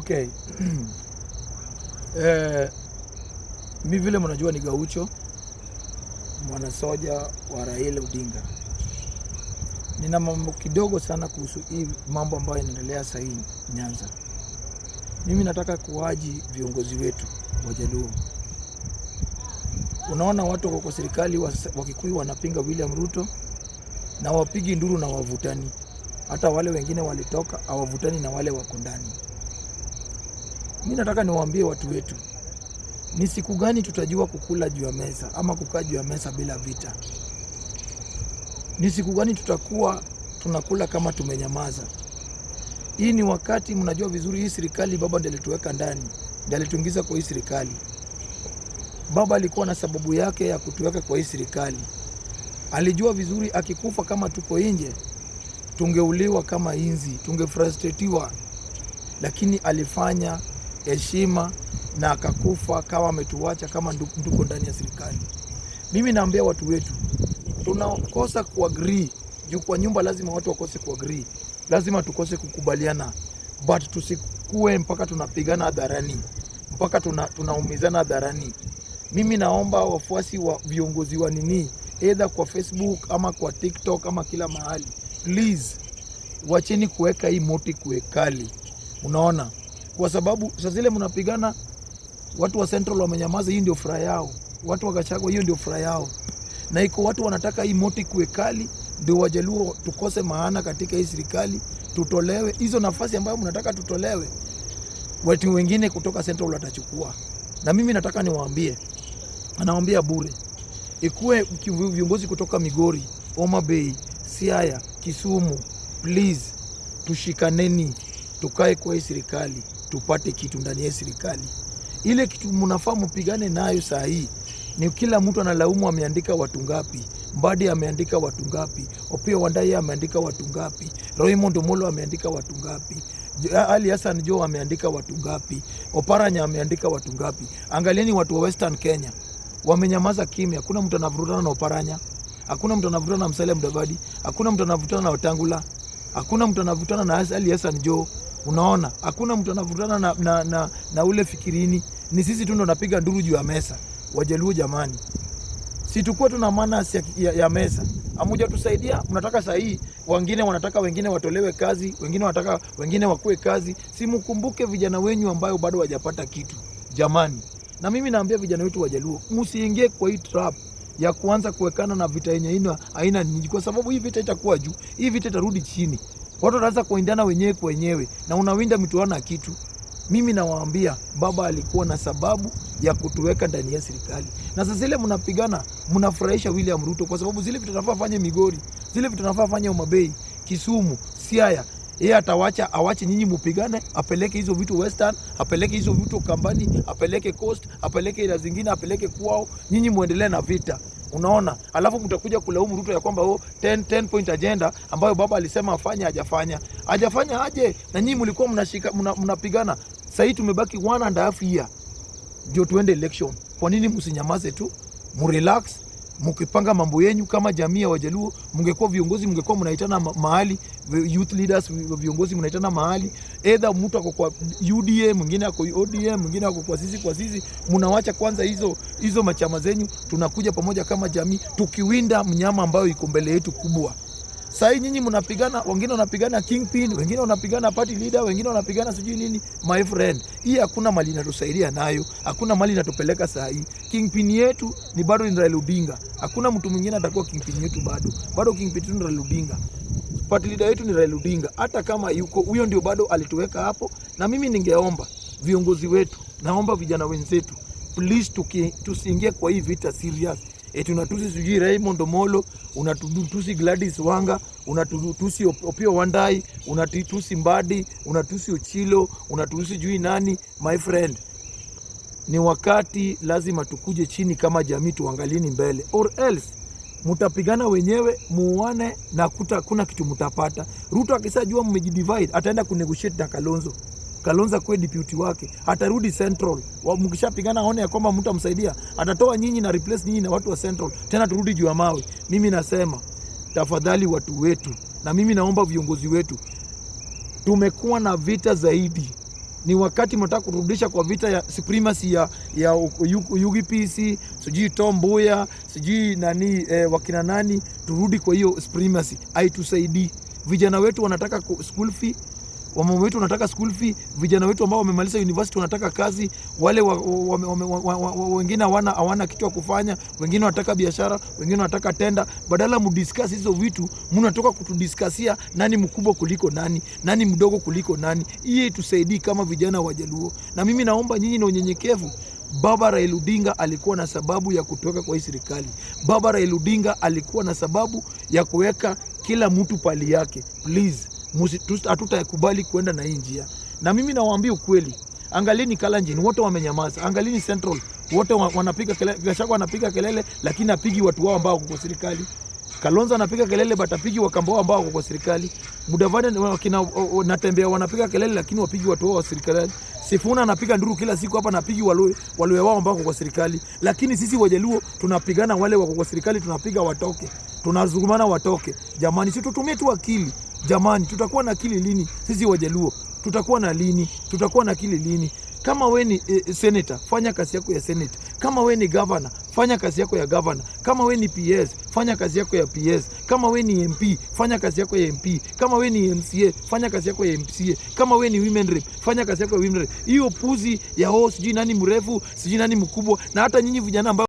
Okay. Eh, mi vile mnajua ni Gaucho mwanasoja wa Raila Odinga. Nina mambo kidogo sana kuhusu hii mambo ambayo inaendelea sasa hii Nyanza. Mimi nataka kuwaji viongozi wetu Wajaluo. Unaona watu wako kwa serikali Kikuyu wanapinga William Ruto na wapigi nduru na wavutani, hata wale wengine walitoka hawavutani na wale wako ndani mimi nataka niwaambie watu wetu, ni siku gani tutajua kukula juu ya meza ama kukaa juu ya meza bila vita? Ni siku gani tutakuwa tunakula kama tumenyamaza? Hii ni wakati, mnajua vizuri hii serikali baba ndiye alituweka ndani, ndiye alituingiza kwa hii serikali. Baba alikuwa na sababu yake ya kutuweka kwa hii serikali. Alijua vizuri akikufa kama tuko nje tungeuliwa kama inzi, tungefrustratiwa, lakini alifanya heshima na akakufa kama ametuacha kama nduko ndani ya serikali. Mimi naambia watu wetu tunakosa kuagree juu, kwa nyumba lazima watu wakose kuagree, lazima tukose kukubaliana, but tusikue mpaka tunapigana hadharani, mpaka tunaumizana tuna hadharani. Mimi naomba wafuasi wa viongozi wa nini, either kwa Facebook ama kwa TikTok ama kila mahali, please wacheni kuweka hii moti kuekali, unaona kwa sababu saa zile mnapigana, watu wa Central wamenyamaza, hii ndio furaha yao. Watu wa Gachagua, hiyo ndio furaha yao, na iko watu wanataka hii moto kuwe kali, ndio wajaluo tukose maana katika hii serikali, tutolewe hizo nafasi ambayo mnataka tutolewe, watu wengine kutoka Central watachukua. Na mimi nataka niwaambie, anawambia bure, ikuwe viongozi kutoka Migori, Homa Bay, Siaya, Kisumu, please tushikaneni, tukae kwa hii serikali tupate kitu ndani ya serikali. Ile kitu mnafaa mpigane nayo saa hii ni kila mtu analaumu ameandika watu ngapi, Mbadi ameandika watu ngapi, Opio Wandai ameandika watu ngapi, Raymond Omolo ameandika watu ngapi, Ali Hassan Joho ameandika watu ngapi, Oparanya ameandika watu ngapi? Angalieni watu wa Western Kenya wamenyamaza kimya. Hakuna mtu anavurutana na Oparanya, hakuna mtu anavurutana na Musalia Mudavadi, hakuna mtu anavurutana na Wetangula hakuna mtu anavutana na Ali Hassan Joho, unaona, hakuna mtu anavutana na, na, na, na ule fikirini. Ni sisi tu ndo napiga nduru juu ya mesa. Wajaluo jamani, situkuwa tuna manas ya, ya, ya mesa amuja tusaidia. Mnataka sahii, wengine wanataka wengine watolewe kazi, wengine wanataka wengine wakuwe kazi. Simkumbuke vijana wenyu ambayo bado wajapata kitu jamani, na mimi naambia vijana wetu Wajaluo, msiingie kwa hii trap ya kuanza kuwekana na vita yenye ina aina nyingi, kwa sababu hii vita itakuwa juu, hii vita itarudi chini, watu wataanza kuindana wenyewe kwa wenyewe, na unawinda mtu ana kitu. Mimi nawaambia baba alikuwa na sababu ya kutuweka ndani ya serikali, na sasa zile mnapigana mnafurahisha William Ruto, kwa sababu zile vitu tunafaa fanye Migori, zile vitu tunafaa fanye Homabay, Kisumu, Siaya yeye atawacha awache nyinyi mupigane, apeleke hizo vitu Western, apeleke hizo vitu Kambani, apeleke Coast, apeleke ila zingine, apeleke kwao, nyinyi muendelee na vita. Unaona, alafu mtakuja kulaumu Ruto ya kwamba oh, 10, 10 point agenda ambayo baba alisema afanye hajafanya. Hajafanya aje? Na nyinyi mlikuwa mnashika mnapigana, mna sasa tumebaki one and a half year ndio tuende election. Kwa nini msinyamaze tu? Mrelax, mkipanga mambo yenyu kama jamii ya Wajaluo, mngekuwa viongozi, mngekuwa mnaitana mahali, youth leaders, viongozi mnaitana mahali, either mtu ako kwa UDA, mwingine ako ODM, mwingine ako kwa sisi kwa sisi, mnawacha kwanza hizo hizo machama zenyu, tunakuja pamoja kama jamii, tukiwinda mnyama ambayo iko mbele yetu kubwa. Sasa hii nyinyi mnapigana, wengine wanapigana kingpin, wengine wanapigana party leader, wengine wanapigana sijui nini. My friend, hii hakuna mali inatusaidia nayo, hakuna mali inatupeleka saa hii. Kingpin yetu ni bado ni Raila Odinga, hakuna mtu mwingine atakuwa kingpin yetu bado, bado kingpin yetu ni Raila Odinga. Party leader yetu ni Raila Odinga, hata kama yuko huyo, ndio bado alituweka hapo. Na mimi ningeomba viongozi wetu, naomba vijana wenzetu, please, tusiingie kwa hii vita serious eti unatusi sijui Raymond Omolo, unatusi Gladys Wanga, unatusi Opio Wandai, unatusi Mbadi, unatusi uchilo unatusi jui nani. My friend, ni wakati lazima tukuje chini kama jamii, tuangalieni mbele, or else mtapigana wenyewe muone, na kuta kuna kitu mtapata. Ruto akisajua mmejidivide, ataenda kunegotiate na Kalonzo. Kalonzo akuwe deputy wake, atarudi Central. Mkishapigana aone ya kwamba mtu amsaidia, atatoa nyinyi na replace nyinyi na watu wa Central, tena turudi juu ya mawe. Mimi nasema tafadhali, watu wetu, na mimi naomba viongozi wetu, tumekuwa na vita zaidi ni wakati mnataka kurudisha kwa vita ya supremacy ya, ya UPC sijui Tom Mboya sijui nani eh, wakina nani, turudi kwa hiyo supremacy, haitusaidii. Vijana wetu wanataka school fee wamama wetu wanataka school fee, vijana wetu ambao wamemaliza university wanataka kazi, wale wa, wa, wa, wa, wa, wa, wa, wengine hawana hawana kitu ya kufanya, wengine wanataka biashara, wengine wanataka tenda. Badala mudiscuss hizo vitu, mnatoka kutudiskasia nani mkubwa kuliko nani, nani mdogo kuliko nani. Hii tusaidii kama vijana wa Jaluo, na mimi naomba nyinyi na unyenyekevu Baba Raila Odinga alikuwa na sababu ya kutoka kwa hii serikali. Baba Raila Odinga alikuwa na sababu ya kuweka kila mtu pali yake. Please hatutakubali kuenda na hii njia. Na mimi nawaambia ukweli, angalieni Kalenjin wote wamenyamaza, angalieni Central wote wanapiga kelele, Gachagua wanapiga kelele, lakini apigi watu wao ambao wako kwa serikali. Kalonzo anapiga kelele but apigi wakambao ambao wako kwa serikali. Mudavadi wakina natembea wanapiga kelele lakini wapigi watu wao wa serikali. Sifuna anapiga nduru kila siku hapa, anapigi walue walue wao ambao wako kwa serikali, lakini sisi Wajaluo tunapigana wale wako kwa serikali, tunapiga watoke, tunazungumana watoke. Jamani, si tutumie tu akili. Jamani, tutakuwa na akili lini? Sisi Wajaluo tutakuwa na lini? Tutakuwa na akili lini? Kama we ni e, senator fanya kazi yako ya senator. Kama we ni governor fanya kazi yako ya governor. Kama we ni PS fanya kazi yako ya PS. Kama we ni MP fanya kazi yako ya MP. Kama we ni MCA fanya kazi yako ya MCA. Kama we ni women rep fanya kazi yako ya women rep. Hiyo puzi ya ho, sijui nani mrefu, sijui nani mkubwa, na hata nyinyi vijana ambao